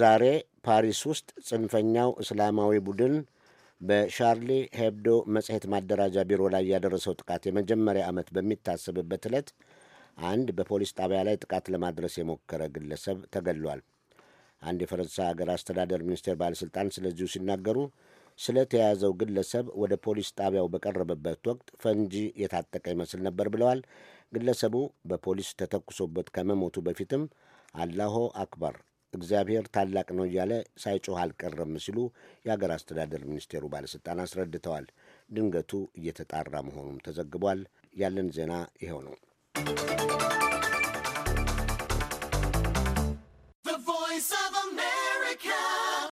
ዛሬ ፓሪስ ውስጥ ጽንፈኛው እስላማዊ ቡድን በሻርሊ ሄብዶ መጽሔት ማደራጃ ቢሮ ላይ ያደረሰው ጥቃት የመጀመሪያ ዓመት በሚታሰብበት ዕለት አንድ በፖሊስ ጣቢያ ላይ ጥቃት ለማድረስ የሞከረ ግለሰብ ተገሏል። አንድ የፈረንሳይ ሀገር አስተዳደር ሚኒስቴር ባለሥልጣን ስለዚሁ ሲናገሩ ስለተያዘው ግለሰብ ወደ ፖሊስ ጣቢያው በቀረበበት ወቅት ፈንጂ የታጠቀ ይመስል ነበር ብለዋል። ግለሰቡ በፖሊስ ተተኩሶበት ከመሞቱ በፊትም አላሆ አክበር እግዚአብሔር ታላቅ ነው እያለ ሳይጮህ አልቀረም ሲሉ የአገር አስተዳደር ሚኒስቴሩ ባለሥልጣን አስረድተዋል። ድንገቱ እየተጣራ መሆኑም ተዘግቧል። ያለን ዜና ይኸው ነው።